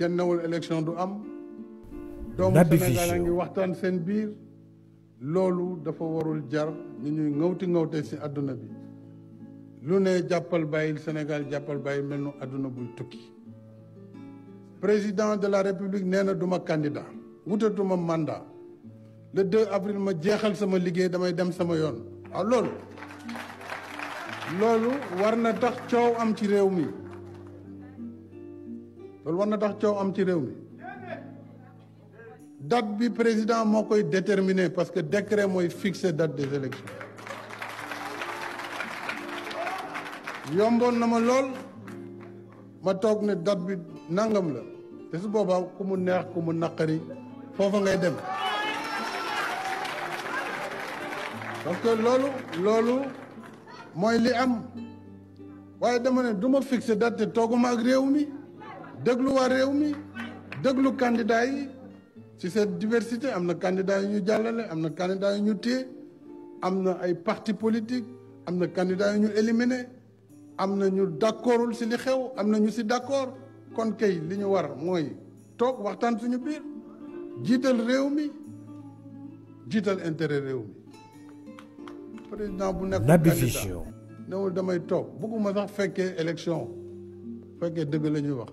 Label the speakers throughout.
Speaker 1: kenn newul élection du am doomu Sénégal a ngi waxtaan seen biir loolu dafa warul jar ñu ñuy ngawti ngawte ci àdduna bi lu ne jàppal bàyyil Sénégal jàppal bàyyi mel nu àdduna buy tukki président de la république nee na duma candidat wutatuma mandat le 2 avril ma jeexal sama liggéey damay dem sama yoon ah loolu loolu war na tax coow am ci réew mi loolu war na tax coow am ci réew mi date bi président moo koy déterminer parce que décret mooy fixer dat de élections yomboon na ma lool ma toog ne date bi nangam la te su boobaa ku mu neex ku mu naqari foofa ngay dem parce loolu loolu mooy li am waaye dama ne du ma fixer date te tooguma ak réew mi déglu waa réew mi déglu candidat yi ci cette diversité am na candidat yu ñu jàllale am na candidat yu ñu téye am na ay parti politique am na candidat yu ñu éliminé am na ñu d'accordul ci li xew am na ñu ci d'accord kon kay li ñu war mooy toog waxtaan suñu biir jiital réew mi jiital intérêt réew mi président bu nekk candidat newul damay toog bëgguma sax fekkee élection fekkee dëgg la ñuy wax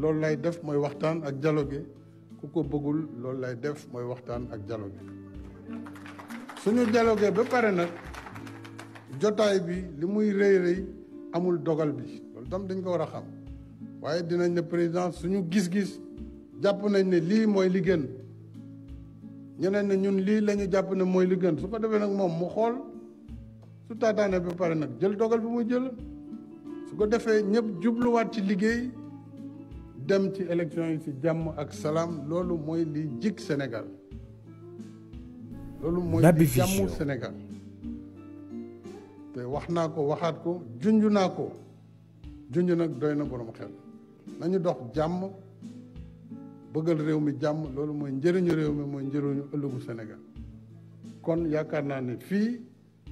Speaker 1: loolu lay def mooy waxtaan ak dialogue ku ko bëggul loolu lay def mooy waxtaan ak dialogue suñu dialogue ba pare nag jotaay bi li muy rëy rëy amul dogal bi loolu tam dañ ko war a xam waaye dinañ ne président suñu gis-gis jàpp nañ ne lii mooy li gën ñeneen ne ñun lii la ñu jàpp ne mooy li gën su ko defee nag moom mu xool su taataane ba pare nag jël dogal bi muy jël su ko defee ñëpp jubluwaat ci liggéey dem ci élection yi ci jàmm ak salaam loolu mooy li jig Sénégal loolu mooy li jàmmu te wax ko waxaat ko junj naa ko junj nag doy na borom xel nañu dox jàmm bëggal réew mi jàmm loolu mooy njëriñu réew mi mooy njëriñu ëllëgu Sénégal kon yaakaar naa ne fii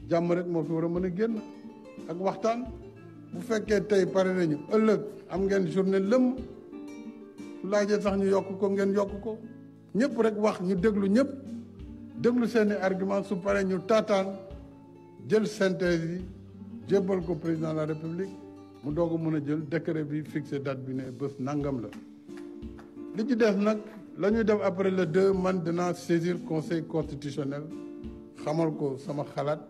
Speaker 1: jàmm rek mo fi war a mën a génn ak waxtaan bu fekkee tey pare nañu ëllëg am ngeen journée lëmm su laajee sax ñu yokk ko ngeen yokk ko ñëpp rek wax ñu déglu ñëpp déglu seeni argument su paree ñu taataan jël synthèse yi jébbal ko président la république mu doog a mën a jël décret bi fixe date bi ne bés nangam la li ci des nag lañuy ñuy def après le deux man dinaa saisir conseil constitutionnel xamal ko sama xalaat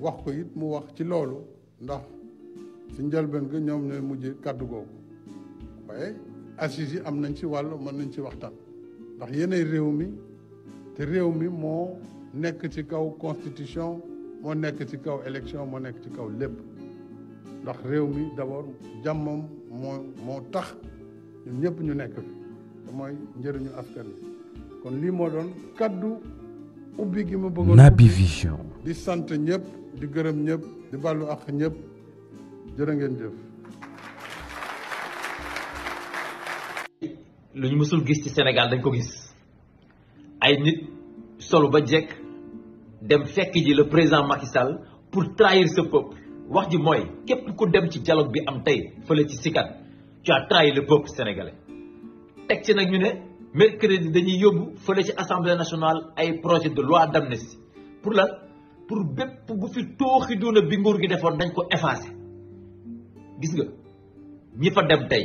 Speaker 1: wax ko it mu wax ci loolu ndax si njëlbeen ga ñoom ñooy mujj kàddu googu waaye assises yi am nañ ci wàll mën nañ ci waxtaan ndax yéenay réew mi te réew mi moo nekk ci kaw constitution moo nekk ci kaw élection moo nekk ci kaw lépp ndax réew mi d'abord jàmmam moo moo tax ñun ñëpp ñu nekk fi te mooy njëriñu askan wi kon lii moo doon kaddu ubbi gi ma bëggoon Naby Vision di sant ñëpp di gërëm ñëpp di bàllu ak ñëpp jërë ngeen jëf lu ñu mësul
Speaker 2: gis ci Sénégal dañ ko gis ay nit solo ba jekk dem fekk ji le président Macky Sall pour trahir ce peuple wax ji mooy képp ku dem ci dialogue bi am tey fële ci Sikat tu as trahi le peuple sénégalais teg ci nag ñu ne mercredi dañuy yóbbu fële ci assemblée nationale ay projet de loi d'amnistie pour lan pour bépp bu fi tooxi doona bi nguur gi defoon dañ ko effacer gis nga ñi fa dem tey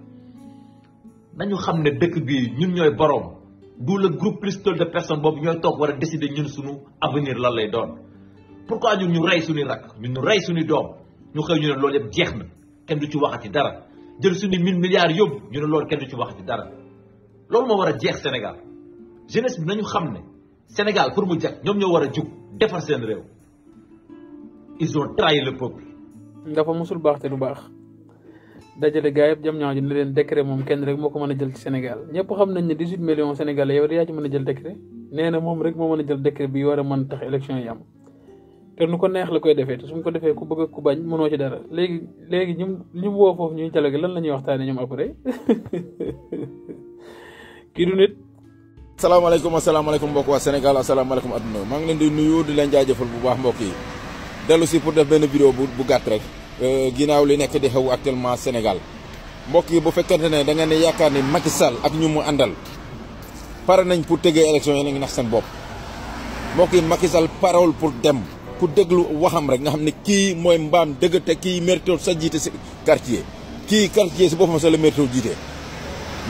Speaker 2: nañu xam ne dëkk bi ñun ñooy boroom du le groupe cristol de personnes boobu ñooy toog war a décider ñun suñu avenir lan lay doon pourquoi ñun ñu rey suñuy rak ñun ñu rey suñuy doom ñu xëy ñu ne loolu yëpp jeex na kenn du ci waxati dara jël suñu mille milliards yóbbu ñu ne loolu kenn du ci waxati dara loolu moo war a jeex Sénégal jeunesse bi na ñu xam ne Sénégal pour mu jag ñoom ñoo war a jug defar seen réew ils ont trahi le peuple. dafa mosul baax te du baax. dajale gaa yëpp jam ñaaw
Speaker 3: ji leen décret moom kenn rek moo ko mën a jël ci Sénégal ñëpp xam nañ ne dix huit millions sénégalais yow de yaa ci mën a jël décret nee na moom rek moo mën a jël décret bi war a mën tax élection yi am te nu ko neex la koy defee te suñ ko defee ku bëgg ak ku bañ mënoo ci dara léegi léegi ñu ñu woo foofu ñuy dialogue lan la ñuy waxtaanee ñoom après kii du nit. asalaamaaleykum asalaamaaleykum mbokk waa Sénégal asalaamaaleykum adduna maa ngi leen di nuyu di leen jaajëfal bu baax mbokk yi dellu si pour def benn vidéo bu bu gàtt rek. Eh, ginnaaw li nekk di xew actuellement Sénégal mbokk yi bu fekkente ne da ngeen di yaakaar ni Macky Sall ak ñu mu àndal pare nañ pour tëggee élection yi nañ nax seen bopp mbokk yi Macky Sall parole pour dem ku déglu waxam rek nga xam ne kii mooy mbaam dëgg kii mérito sa jiite si quartier kii quartier si boppam sa la mérito jiite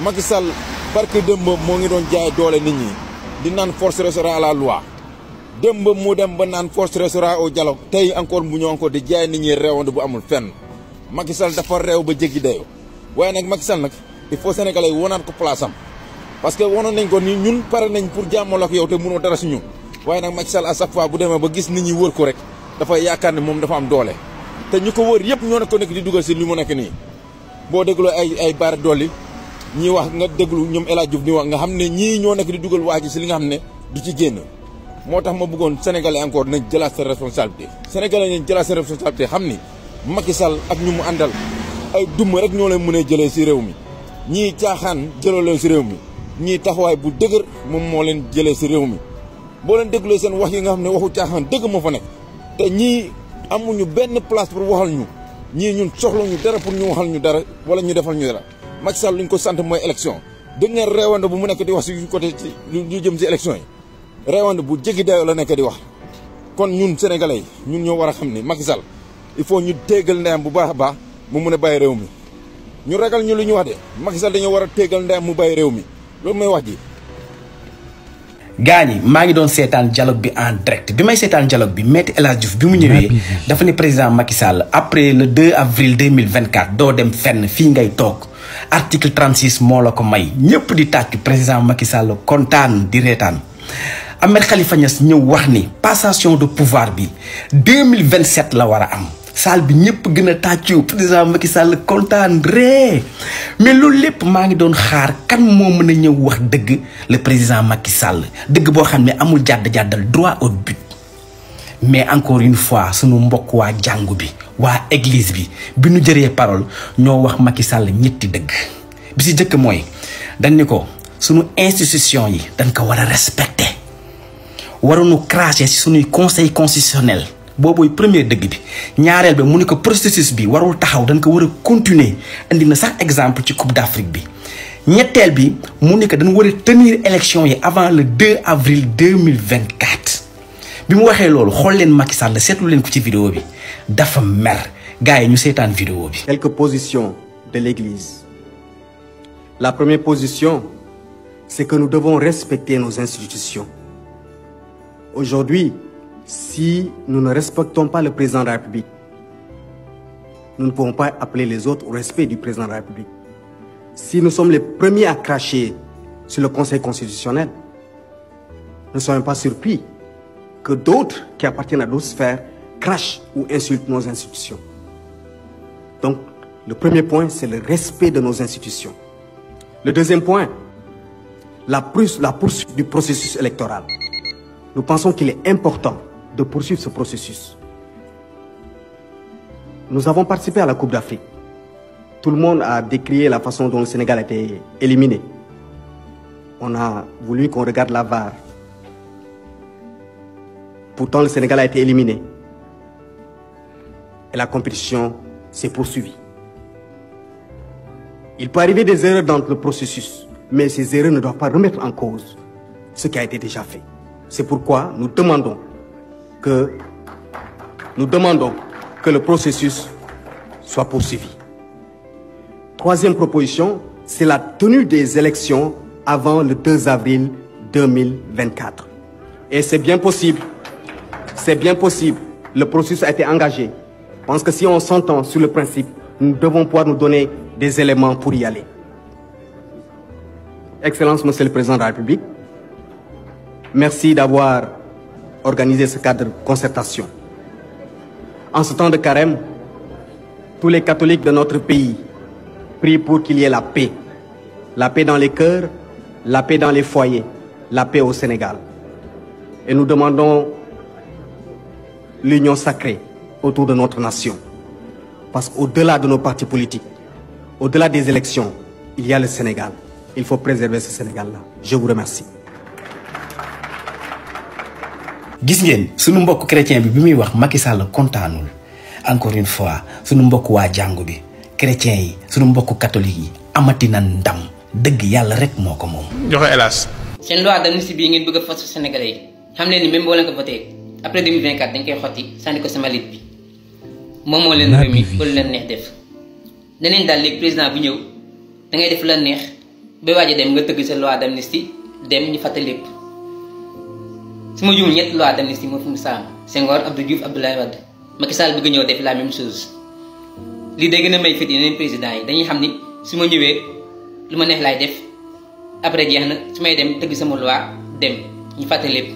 Speaker 3: Macky Sall barke démb moo ngi doon jaay doole nit ñi di naan force restera à la loi démb mu dem ba nan force restera au dialog tay encore mu ñëw di jaay nit ñi bu amul fenn Macky Sall dafa rew ba jéggi dayo makisal nak Macky Sall nak il faut sénégalais wonat ko place am parce que wonon nañ ko ni ñun paré nañ pour jàmmal ak yow té mënoo dara ci ñun waaye nak Macky Sall à chaque fois bu démé ba gis nit ñi wër ko rek dafa yaakaar ni mom dafa am doolé té ñuko wër yépp ñoo ko di duggal ci limu nek ni bo déglu ay ay bar doli ñi wax nga déglu Eladjouf wax nga xamné ñi ñoo nek di duggal ci li nga xamné du ci génn motax ma bëggoon sénégalais encore na jëlaat sa responsabilité sénégalais ñu jëlaat sa responsabilité xamni Macky Sall ak ñu mu andal ay dum rek ñoo leen mën nyi jëlee réew mi ñi tiaxan jëlo leen ci réew mi ñi taxaway bu dëgër moom mo leen jëlé ci réew mi bo leen seen wax yi nga ne waxu tiaxan dëgg mo fa nek te ñi amuñu benn place pour waxal ñu ñi ñun soxlo ñu dara pour ñu waxal ñu dara wala ñu defal ñu dara Macky Sall luñ ko sante moy élection dëgg ne réewande bu mu nek di wax ci côté ñu jëm ci élection yi réewande bu jéggi dayoo la nekk di wax kon ñun sénégalais yi ñun ñoo war a xam ne Macky Sall il faut ñu téegal ndeyam bu baax a mu mun a réew mi ñu ragal ñu lu ñu wax de Macky
Speaker 4: Sall dañoo war a téegal mu bàyyi réew mi loolu mooy wax ji. gaa ñi ngi doon seetaan dialogue bi en direct bi may seetaan dialogue bi Maître El Hadji Diouf bi mu ñëwee dafa ne président Macky Sall après le 2 avril 2024 do dem fenn fii ngay toog article 36 moo la ko may ñëpp di tàcc président Macky Sall kontaan di reetaan. Amel Khalifa ñeu wax ni passation de pouvoir en 2027 la wara am bi ñepp gëna président Macky Sall mais ce qui ma ngi doon xaar kan wax le président Macky Sall dëgg bo droit au but mais encore une fois suñu mbokk wa la bi wa église bi bi nu parole ñoo wax Macky Sall ñetti si dañ ni institution yi dañ respecter waruñu craché si suñuy conseil constitutionnel boboy premier deug bi ñaarel be muniko processus bi warul taxaw dañ ko wara continuer indi na sax exemple ci coupe d'Afrique bi ñettel bi muniko tenir élection avant le 2 avril 2024 bi mu waxee loolu xool leen Macky Sall seetlu leen ko ci vidéo bi dafa mer gaay ñu vidéo bi. quelques positions de l'Église
Speaker 5: la première position c'est que nous devons respecter nos institutions. Aujourd'hui, si nous ne respectons pas le président de la République, nous ne pouvons pas appeler les autres au respect du président de la République. Si nous sommes les premiers à cracher sur le Conseil constitutionnel, ne soyons pas surpris que d'autres qui appartiennent à d'autres sphères crachent ou insultent nos institutions. Donc, le premier point, c'est le respect de nos institutions. Le deuxième point, la, poursuite du processus électoral nous pensons qu'il est important de poursuivre ce processus. Nous avons participé à la Coupe d'Afrique. Tout le monde a décrié la façon dont le Sénégal a été éliminé. On a voulu qu'on regarde la VAR. Pourtant, le Sénégal a été éliminé. Et la compétition s'est poursuivie. Il peut arriver des erreurs dans le processus, mais ces erreurs ne doivent pas remettre en cause ce qui a été déjà fait. C'est pourquoi nous demandons que nous demandons que le processus soit poursuivi. Troisième proposition, c'est la tenue des élections avant le 2 avril 2024. Et c'est bien possible. C'est bien possible. Le processus a été engagé. Je pense que si on s'entend sur le principe, nous devons pouvoir nous donner des éléments pour y aller. Excellence, Monsieur le Président de la République, Merci d'avoir organisé ce cadre de concertation. En ce temps de carême, tous les catholiques de notre pays prient pour qu'il y ait la paix. La paix dans les cœurs, la paix dans les foyers, la paix au Sénégal. Et nous demandons l'union sacrée autour de notre nation. Parce qu'au-delà de nos partis politiques, au-delà des élections, il y a le Sénégal. Il faut préserver ce Sénégal-là. Je vous remercie.
Speaker 4: gis ngeen suñu mbokk chrétien bi bi muy wax Macky Sall kontaanul encore une fois suñu mbokk waa jàngu bi chrétien yi suñu mbokk catholique yi amati na ndam dëgg yàlla rek moo ko moom.
Speaker 6: joxe hélas. seen loi d'amnistie bii ngeen bëgg a forcer Sénégalais yi xam leen ni même boo leen ko voté après dañ koy xotti sànni ko sama lit bi moom moo leen réew mi ba lu leen neex def. neneen daal léegi président bu ñëw da ngay def la neex ba waaj a dem nga tëgg sa loi d'amnistie dem ñu fàtte su ma juumul ñetti loi d'amnistie moo fi mu saam Senghor Abdou Diouf Abdoulaye Wade Macky Sall bëgg lii day gën a may fit yeneen président yi dañuy xam ni su ma ñëwee lu ma neex laay def après jeex na su may dem tëgg sama loi dem ñu fàtte lépp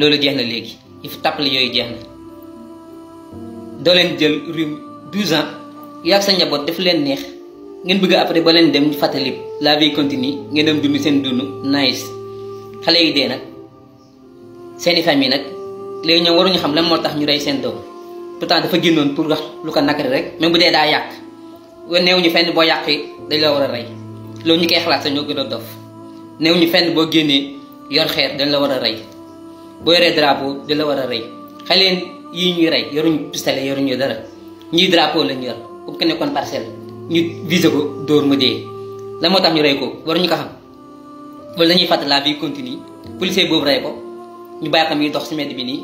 Speaker 6: loolu jeex na léegi il faut tàppale yooyu jeex na doo leen jël ruum 12 ans yaa sa njaboot daf leen neex ngeen bëgg après ba leen dem ñu fàtte lépp la vie continue ngeen dem dund seen dund nice xale yi dee nag. seeni famille nag léegi ñoom waruñu xam lan moo tax ñu rey seen doom pourtant dafa génnoon pour wax lu ko nakari rek même bu dee daa yàq néewuñu fenn boo yàqee dañ war a rey loolu ñu koy xalaat sax gën a dof néewuñu fenn boo génnee yor xeer dañ la war a rey boo yoree drapeau la war a rey xaleen yii ñuy rey yoruñu pistolet yoruñu dara ñii drapeau lañ yor comme que nekkoon parcelle ñu visé ko dóor mu dee lan moo tax ko waruñu ko xam wala dañuy fàttali la vie continue policier boobu rey ko ñu bàyyi ko muy dox si mbedd bi nii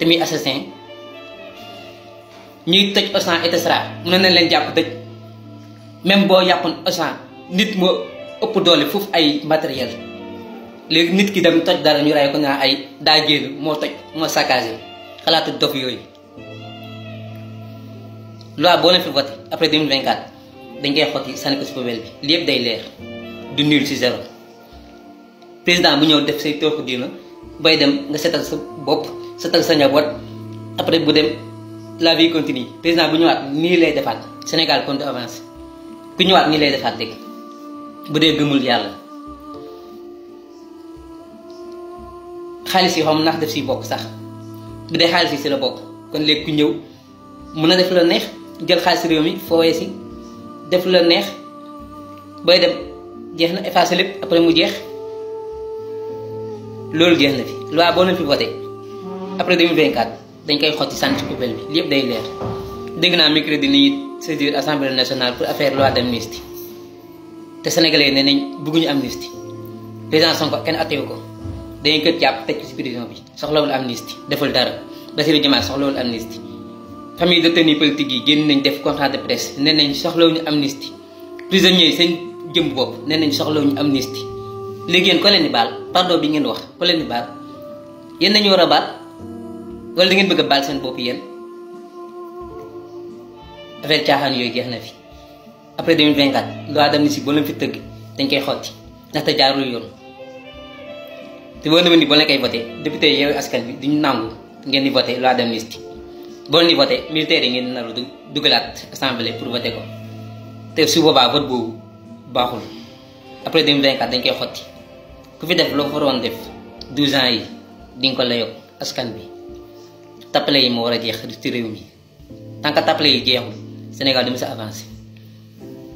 Speaker 6: te muy assassin ñuy tëj Auchan et cetera mën nañ leen jàpp tëj même boo yàppoon Auchan nit moo ëpp doole foofu ay matériel léegi nit ki dem toj dara ñu ray ko naa ay daa jéem moo toj moo saccagé xalaatu dof yooyu. loi boo leen fi voté après 2024 dañ koy xotti sànni ko bi li yëpp day leer du nul si zéro président bu ñëw def say tooxu diina bay dem nga setal sa bopp setal sa njaboot après bu dem la vie continue président bu ñëwaat nii lay defaat Sénégal compte avance ku ñëwaat nii lay defaat léegi bu dee gëmul yàlla xaalis yi xam ndax def si bokk sax bu dee xaalis yi si la bokk kon léegi ku ñëw mun na def la neex jël xaalis réew mi fooyee si def la neex bay dem jeex na effacé lépp après mu jeex loolu génn fi loi boo leen fi voté après 2024 dañ koy xotti sànni ci poubelle bi lépp day leer dégg naa mercredi nit saisir assemblée nationale pour affaire loi d'amnistie te sénégalais nee nañ bëgguñu amnistie président Sonko kenn attewu ko dañuy kër jàpp tëj ci prison bi soxlawul amnistie deful dara Bassirou Diomaye soxlawul amnistie famille de tenue politique yi génn nañ def conférence de presse nee nañ soxlawuñu amnistie prisonniers yi seen jëm bopp nee nañ soxlawuñu amnistie léegi ko leen di baal pardon bi ngeen wax ko leen di baal yéen dañu war a baal wala da ngeen bëgg a baal seen bopp yéen affaire caaxaan yooyu jeex na fi après 2024 loi d'amnistie boo leen fi tëgg dañ koy xotti ndaxte jaarul yoon te boo demee nii boo leen koy voté député yow askan bi duñu nangu ngeen di voté loi d'amnistie boo leen di voté militaire yi ngeen di naru dugalaat assemblée pour voté ko te su boobaa vote boobu baaxul après 2024 dañ koy xotti. ku fi def loo fa waroon def 12 ans yi di nga la layoo askan bi tappale yi moo war a jeex ci réew mi tant que tappale yi jeexul Sénégal du mu sa avancé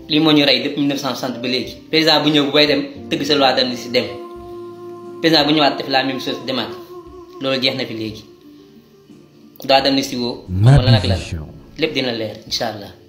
Speaker 6: li moo ñu rey depuis 1960 ba léegi président bu ñëw bu bay dem tëgg sa loi d'amnistie dem président bu ñëwaat def la même chose demaat loolu jeex na fi léegi loi d'amnistie woo wala nag la lépp dina leer incha allah